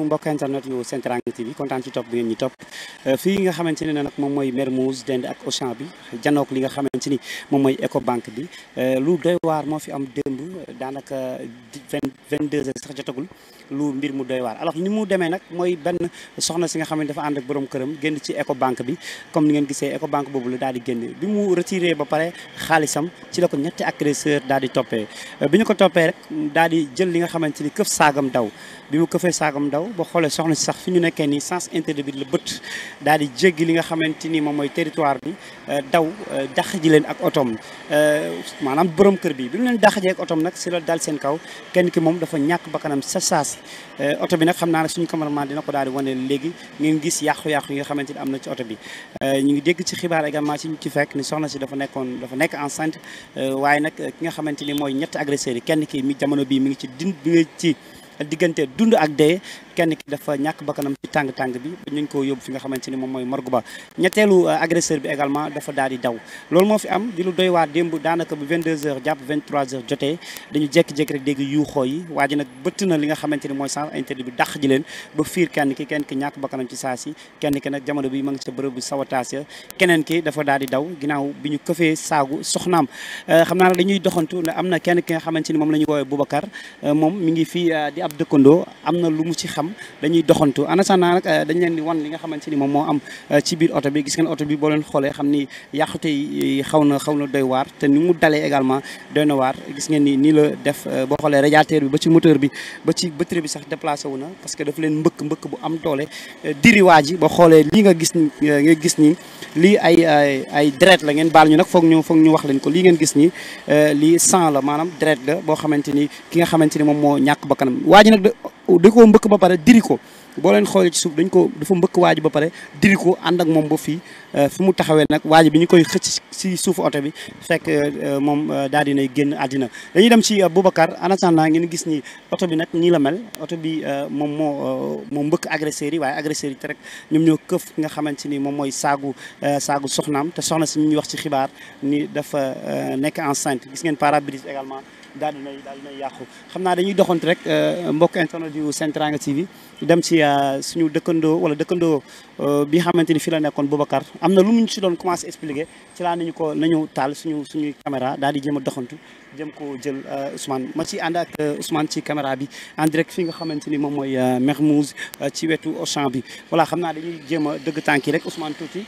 mbokk internet yu Sen Teranga TV kontaan ci topp bi ngeen ñi topp euh, fii nga xamante ne nag moom mooy Mermoz dend ak Auchan bi janook li nga xamante ni moom mooy Ecobank bi euh, lu doy waar moo fi am démb daanaka vingt vingt deux heures sax jotagul lu mbir mu doy waar alors ni mu demee nag mooy benn soxna si nga xam ne dafa ànd ak borom këram génn ci Ecobank bi comme ni ngeen gisee Ecobank boobu la daal di génn bi mu retiré ba pare xaalisam ci la ko ñetti agresseur daal di toppee euh, bi ñu ko toppee rek daal di jël li nga xamante ni këf saagam daw bi mu këfee saagam daw ba xoolee soxna si sax fi ñu nekkee nii sens interdit bi la bët daal di jéggi li nga xamante ni moom mooy territoire bi euh, daw euh, dàq ji leen ak otoom maanaam loolu dal seen kaw kenn ki moom dafa ñàkk bakkanam sa saasi eh, oto bi nag xam naa nag suñu cameraman dina ko daal di wane léegi ngeen gis yàqu-yàqu yi nga xamante am na ci oto bi eh, ñu ngi dégg ci xibaar également ci ñu ci fekk ni soxna si dafa nekkoon dafa nekk enceinte eh, waaye nag ki nga xamante ni mooy ñetti agresseurs yi kenn ki mi jamono bii mi ngi ci din mi ngi ci diggante dund ak dee kenn ki dafa ñàkk bakkanam ci tàng-tàng bi ba ñu ko yóbbu fi nga xamante ni moom mooy morgue ba ñetteelu euh, agresseur bi également dafa daal di daw loolu moo fi am di lu doy waar démb daanaka bu 22 heures jàpp 23 heures jotee dañu jékki-jékki dégg yuuxoo yi waa nag bëtt na li nga xamante ni mooy sens interdit bi euh, ni moom la ñuy woowee Boubacar euh, moom mi ngi fii di ab dëkkandoo am na lu mu ci xam xam euh, leen di wan li nga xamante moom moo am euh, ci biir oto bi gis ngeen oto bi boo leen xoolee xam ni yàqute yi xaw xaw na doy waar te mu dalee également doy na waar gis ngeen ni nii la def euh, boo xoolee radiateur bi ba ci moteur bi ba ci batterie bi sax déplacé wu na parce que dafa leen mbëkk mbëkk bu am doole diriwaa ji ba xoolee lii nga gis nga gis ni lii ay ay deret la ngeen baal ñu nag foog ñu foog ñu wax leen ko lii ngeen gis ni lii sang la maanaam deret la boo xamante ni ki nga xamante ni moom moo ñàkk bakkanam waa ji nag da koo mbëkk ba pare diri ko boo leen xoolee ci suuf dañ ko dafa mbëkk waaju ba pare diri ko ànd ak moom ba fii euh, fi mu taxawee nag waaji bi ñu koy xëcc si suufu oto bi fekk euh, euh, moom dal di nay génn àddina dañuy dem ci Boubacar en attendant ngeen gis nii oto bi nag ñii la mel oto bi moom moo moom mbëkk agresseurs yi waaye agresseurs yi te rek ñoom ñoo këf nga xamante ni moom mooy saagu saagu soxnaam te soxna si ñu wax ci xibaar ni dafa nekk enceinte gis ngeen pare-brise daal di nay daal di nay yàqu xam naa dañuy doxant rek euh, mbokk internet yu Sen Teranga TV dem ci euh, suñu dëkkandoo wala dëkkandoo euh, bi xamante ni fi la nekkoon Boubacar am na lu mu ñu si doon commencé expliquer ci laa nañu ko nañu taal suñu suñuy caméra daal di jëm a doxantu jëm ko jël euh, Ousmane ma ci ànd ak euh, Ousmane ci caméra bi en direct fi nga xamante ni moom mooy euh, Mermoz ci wetu Auchan bi wala xam naa dañuy jéem a dëgg tànk yi rek Ousmane tuuti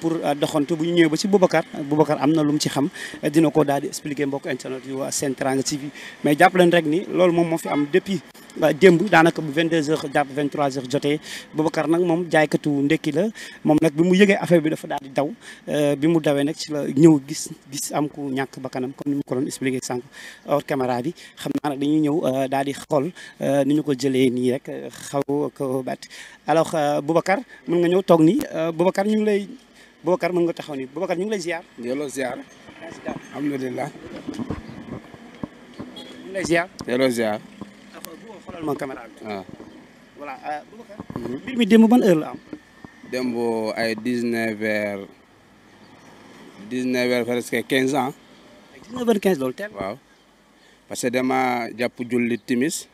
pour doxantu bu ñu ñëwee ba ci Boubacar Boubacar am na lu mu ci xam dina ko daal di expliquer mbokk internet yu Sen Teranga TV mais jàpp leen rek ni loolu moom moo fi am depuis démb daanaka bu 22h jàpp 23h jotee Boubacar nag moom jaaykatu ndekki la moom nag bi mu yëgee affaire bi dafa daal di daw euh, bi mu dawee nag ci la ñëw gis gis am ku ñàkk bakkanam comme ni mu ko doon expliqué sànq hors caméra bi xam naa nag dañuy ñëw euh, daal di xool euh, ni ñu ko jëlee nii rek xaw ko bat alors Boubacar mën nga ñëw toog nii Boubacar ñu ngi lay Boubacar mën nga taxaw nii Boubacar ñu ngi lay ziar. delloo ziar. alhamdulilah. ñu ngi lay ziar. xoolal ma caméra bi. waaw ah. voilà. Euh, mhm. quinze ans. ay dix neuf heures quinze loolu jàpp julli timis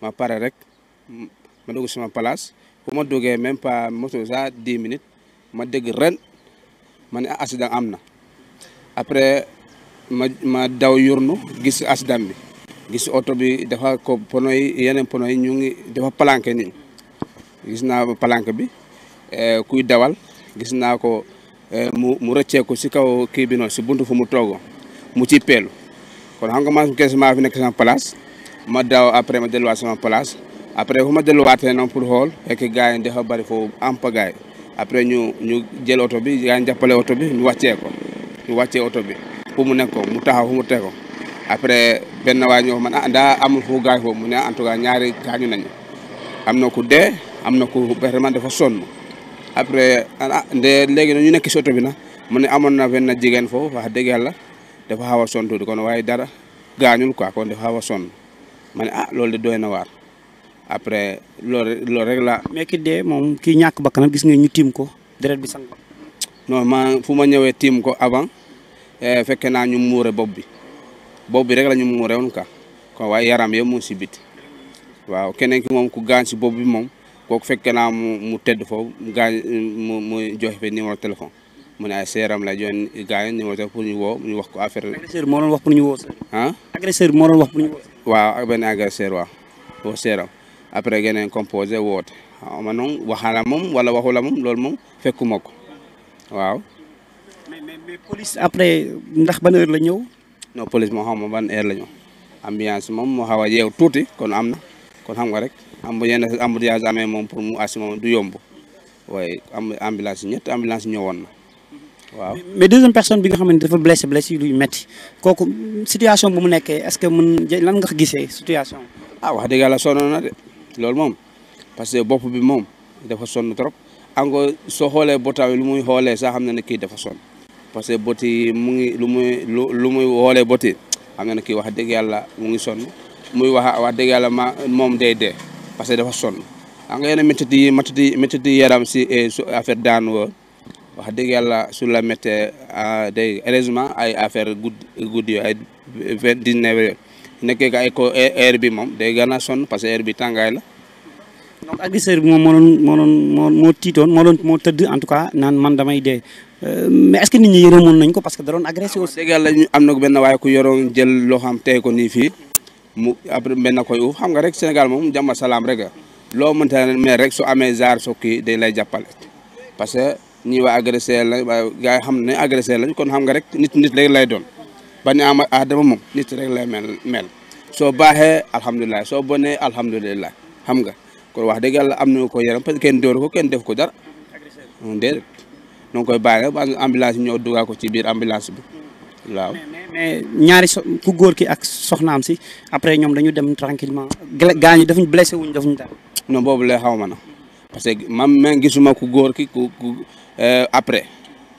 ma pare rek ma dugg sama place bu ma duggee même pa moto sax dix minutes ma dégg ren ma ne ah, accident am na après ma ma daw yurnu gis accident bi. gis oto bi dafa ko pono yi yeneen pono yi ñu ngi dafa palanke nii gis naa palanke bi eh, kuy dawal gis naa ko eh, mu mu rëcceeku si kaw kii bi noonu si buntu fu mu toogo mu ci peelu kon xam nga maa kees maa fi nekk sama place ma daw après ma delluwaat sama place après fu ma delluwaatee noonu pour xool fekk gars yi dafa bari foofu ampa gars yi après ñu ñu jël oto bi gars yi oto bi ñu wàccee ñu wàccee oto bi fu mu nekko mu taxaw fu mu teg ko benn waay ñoo man a ah, daa amul fu gaañ foofu mu ne ah, en tout cas ñaari gaañu nañu am na ku dee am na ku vraiment dafa sonn après a ah, nde léegi nag ñu nekk si bi nag mu ne amoon na benn jigéen foofu wax dëgg yàlla dafa xaw a sonn tuuti kon waaye dara gaañul ko kon dafa xaw a sonn ma ne ah loolu de doy na waar après lool loolu rek la mais ki dee moom kii ñàkk bakkanam gis nga ñu tiim ko deret bi sang non ma fu ma ñëwee tiim ko avant eh, fekke naa ñu muure bopp bi boobu bi rek la ñu mu rewoon quoi kon waaye yaram yëpp moo si bit waaw keneen ki moom ku gaañ si bob bi moom ku fekkee naa mu tedd foofu gaañ mu mu joxe fi numéro téléphone mu ne ay seeram la joxe gaañ numéro téléphone pour ñu woo ñu wax ko affaire la. agresseur bi ñu woo moo doon wax pour ñu waaw ak benn waaw woo seeram après geneen composé woote waaw moom wala waxu la moom loolu moom fekkuma ko waaw. police après ndax ban la ñëw. non police moo xaw ma ban la ñu moom moo xaw a yeew tuuti kon am na kon xam rek am bu yenn embouteillage amee moom pour mu assi moom du yomb waaye am ambulance ñett ambulance ñëwoon na waaw mais deuxième personne bi nga xam ne dafa blessé blessé luy metti mu nekkee est-ce que mun mën lan nga gisee situation ah wax dëgg yàlla sonn na de loolu moom parce que bopp bi moom dafa sonn trop encore soo xoolee botaw yi lu muy xoolee saa xam ne ne kii dafa sonn parce que boti mu ngi lu muy lu lu muy woolee boti xam nga wax dëgg yàlla mu ngi son muy wax wax dëgg yàlla moom day dee parce que dafa sonn xam nga yaram si eh, su affaire daan woon wax dëgg yàlla su la méttee ah, day heureusement ay affaire gudd guddi ay vingt dix neuf yooyu ay ko eh, moom day gën a sonn parce que bi tàngaay la. donc agresseur bi moom moo tiitoon moo tëdd en tout cas naan man damay dee. Euh, mais est nit ñi yërëmoon nañ ko parce que da doon agressé ah, aussi. dégg yàlla ñu am na benn waaye ku yoroon jël loo xam tey ko nii fii mu après benn koy uuf xam nga rek Sénégal moom jàmm salaam rek loo mënta mais rek su amee zaar su kii day lay jàppale parce que ñi waa agressé la gars yi xam ne agressé lañ kon xam nga rek nit nit rek lay doon ba ni ama Adama moom nit rek lay mel mel soo baaxee alhamdulilah soo bonee alhamdulilah xam nga kon wax dëgg yàlla am na ko yaram parce que kenn dóor ko def ko dara donc koy bàyyi rek ba ambulance bi ñëw dugal ko ci biir ambulance bi waaw. ñaari so ku góor ki ak soxnaam si après ñoom dañu dem tranquillement gaañu dafuñ blessé wuñ dafuñ dara. non boobu lay xaw ma na parce que man man gisuma ku góor ki ku euh, après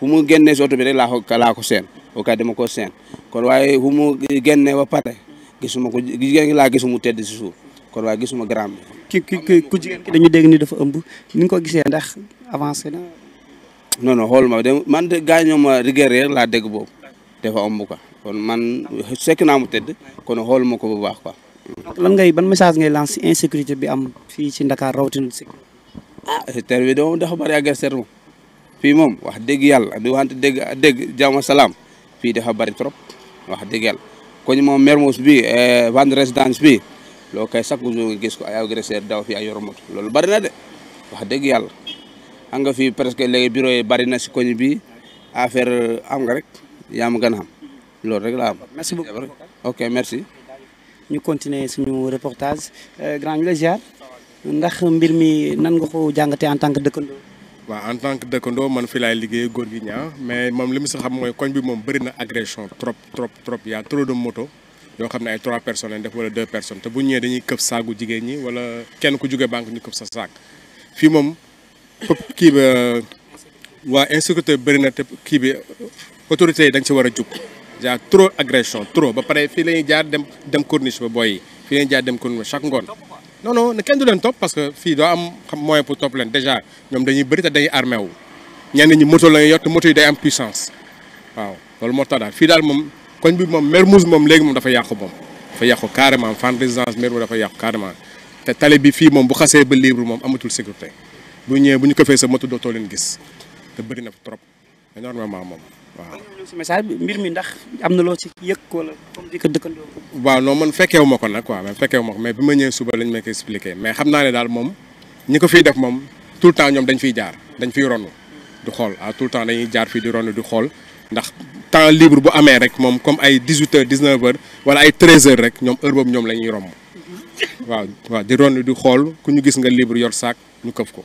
fu mu génnee si oto bi rek laa ko ko seen au cas dama ko seen kon waaye fu mu génnee ba pare gisuma ko jigéen gi laa gisu mu tedd si suuf kon waaye gisuma grand bi. ki ki ki dañu dégg ni dafa ëmb ni nga ko gisee ndax avancé na. non non xool ma de man de gaañoo ma rigueur laa dégg boobu dafa ëmb quoi kon man sekk naa mu tëdd kon xool ma ko bu baax quoi. lan ngay ban message ngay lancé insécurité bi am fii ci Ndakaar rawatina si. ah ter bi de moom dafa bëri agresseur moom fii moom wax dëgg yàlla du wante dëgg dëgg jàmm salaam fii dafa bari trop wax dëgg yàlla koñ moom Mermoz bi eh, van résidence bi loo koy chaque jour nga gis ko ay agresseur daw fii a yor moto loolu bëri na de wax dëgg yàlla. xam nga fii presque léegi bureau yi bari na si koñ bi affaire am nga rek yaa ma gën loolu rek la am. merci beaucoup ok merci. ñu continuer suñu reportage euh, grand ñu la ndax mbir mi nan nga ko jàngatee en tant que dëkkandoo. waa en tant que dëkkandoo man fi laay liggéey góor gi ñaa mais moom li mu si xam mooy koñ bi moom bëri na agression trop trop trop y' a trop de moto yoo xam ne ay trois personnes lañ def wala deux personnes te bu ñëwee dañuy këf saagu jigéen ñi wala kenn ku jóge banque ñu këf sa saag kii bi euh, waa insécurité bëri na te kii bi autorités yi dañ ci war a jub yaa trop agression trop ba pare fii la ñuy jaar dem dem corniche ba booy yi fii la jaar dem corniche chaque ngoon non non kenn du leen topp parce que fii doo am xam moyen pour topp leen déjà ñoom dañuy bëri te dañuy armé wu ñenn ñi moto la ñuy yor moto yi day am puissance waaw loolu moo tax daal fii daal moom koñ bi moom Mermoz moom léegi moom dafa yàqu moom dafa yàqu carrément Fann Résidence Mermoz dafa yàqu carrément te tali bi fii moom bu xasee ba libre moom amatul bu ñëwee bu ñu ko sa moto dootoo leen gis te bëri na trop énormément moom waaw. si message bi mbir mi ndax am na loo ci yëg wala comme di ko dëkkandoo. waaw non man fekkeewu ma ko nag quoi man fekkeewu ma ko mais bi ma ñëwee suba lañ ma ko expliqué mais xam naa ne daal moom ñi ko fiy def moom tout le temps ñoom dañ fiy jaar dañ fiy ronu du xool ah tout le temps dañuy jaar fii di ronu di xool ndax temps libre bu amee rek moom comme ay dix huit heures dix neuf heures wala ay treize heures rek ñoom heure boobu ñoom la ñuy romb mhm. waaw waaw di ronu di xool ku ñu gis nga libre yor saak ñu këf ko.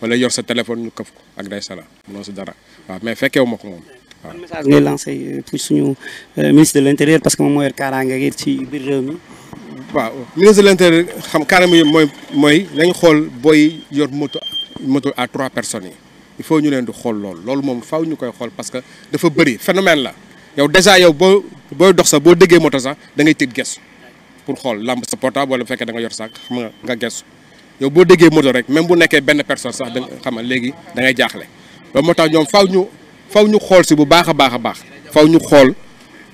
wala yor sa téléphone ñu këf ko ak day sala mënoo si dara waaw mais fekkeewu ma ko moom waaw. message ngay lancé euh, pour suñu euh, ministre de l' parce que moom moo yor kaaraange gi ci biir réew mi. waaw ministre de l' xam kaaraange yi mooy mooy nañ xool booy yor moto moto à trois personnes yi il faut ñu leen di xool loolu loolu moom faw ñu koy xool parce que dafa bëri phénomène la yow déjà yow boo booy dox sax boo déggee moto sax da ngay tiit gestu pour xool lamb sa portable wala bu da nga yor sax xam nga nga yow boo déggee moto rek même bu nekkee benn personne sax da xamal léegi da ngay jaaxle ba moo tax ñoom faw ñu faw ñu xool si bu baax a baax a baax faw ñu xool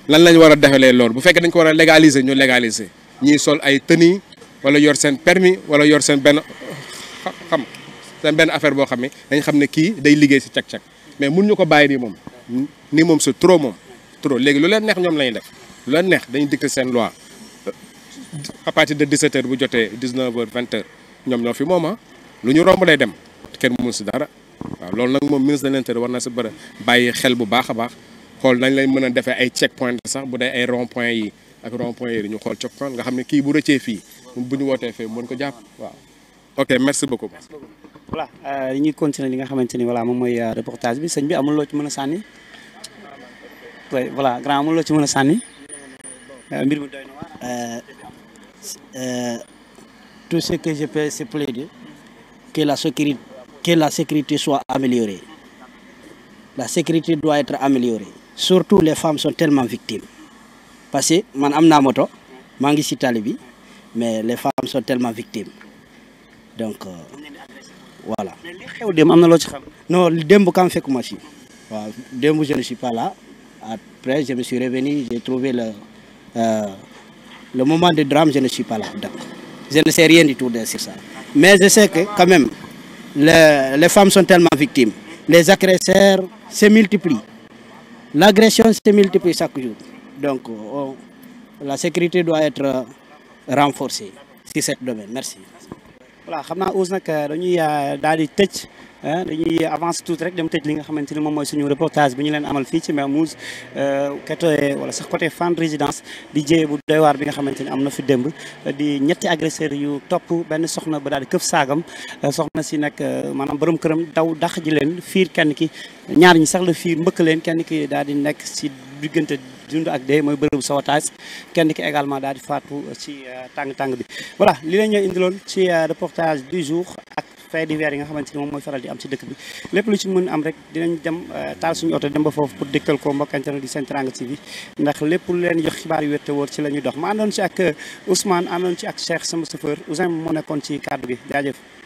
lan lañ war a defalee loolu bu fekkee dañ ko war a légaliser ñu légaliser ñiy sol ay tenue wala yor seen permis wala yor seen benn xam seen benn affaire boo xam ne dañ xam ne kii day liggéey si cag-cag mais mun ñu ko bàyyi nii moom nii moom c'est trop moom trop léegi lu leen neex ñoom lañuy def lu leen neex dañuy dicter seen loi à partir de 17 bu jotee 19 heures 20 heures ñoom ñoo fi moom ah lu ñu romb day dem kenn mënu si dara waaw loolu nag moom ministre de l'intérieur war na si bëri bàyyi xel bu baax a baax xool nañ lay mën a defee ay check point sax bu dee ay rond point yi ak rond point yi ñu xool check point nga xam ne kii bu rëccee fii bu ñu wootee fii mën ko jàpp waaw ok merci beaucoup. voilà euh, ñuy continuer li nga xamante ni voilà moom mooy euh, reportage bi sëñ bi amul loo ci mën a sànni voilà grand amul loo ci mën a sànni euh, mbir mi doy tout ce que je peux c'est plaider que la sécurité que la sécurité soit améliorée la sécurité doit être améliorée surtout les femmes sont tellement victimes parce que man am naa moto maa ngi ci tali bi mais les femmes sont tellement victimes donc euh, voilà. mais li xew démb am na loo ci xam. non démb ci waaw démb je ne suis pas là après je me suis revenu j'ai trouvé le euh, le moment de drame je ne suis pas là Je ne sais rien du tout de sur ça. Mais je sais que quand même, les femmes sont tellement victimes. Les agresseurs se multiplient. L'agression se multiplie chaque jour. Donc, on, la sécurité doit être euh, renforcée sur ce domaine. Merci. voilà xam naa Ousse nag euh, dañuy euh, daal di tëj euh, dañuy avance tuuti rek dem tëj li nga xamante ni moom mooy suñu reportage bi ñu leen amal fii ci Mermoz côté wala sax côté Fann Résidence di jéye bu doy waar bi nga xamante ni am na fi démb di ñetti agresseur yu topp benn soxna ba daal di këf saagam soxna si nag maanaam borom këram daw dax ji leen fiir kenn ki ñaar ñi sax la fiir mbëkk leen kenn ki daal di nekk si diggante dund ak dee mooy bërëbu sawatage kenn di ki également daal di faatu euh, ci euh, tàng-tàng bi voilà li la indiloon ci euh, reportage du jour ak faits divers yi nga xamante ni moom mooy faral di am ci dëkk bi lépp lu ci mën am rek dinañ dem taal suñu oto dem ba foofu pour dëkkal ko mbokk internet di Sen Teranga TV ndax lépp lu leen jox xibaar yu wér te wóor ci la ñuy dox ma àndoon ci ak Ousmane àndoon ci ak Cheikh sama chauffeur Ousin moo nekkoon ci kàddu gi jaajëf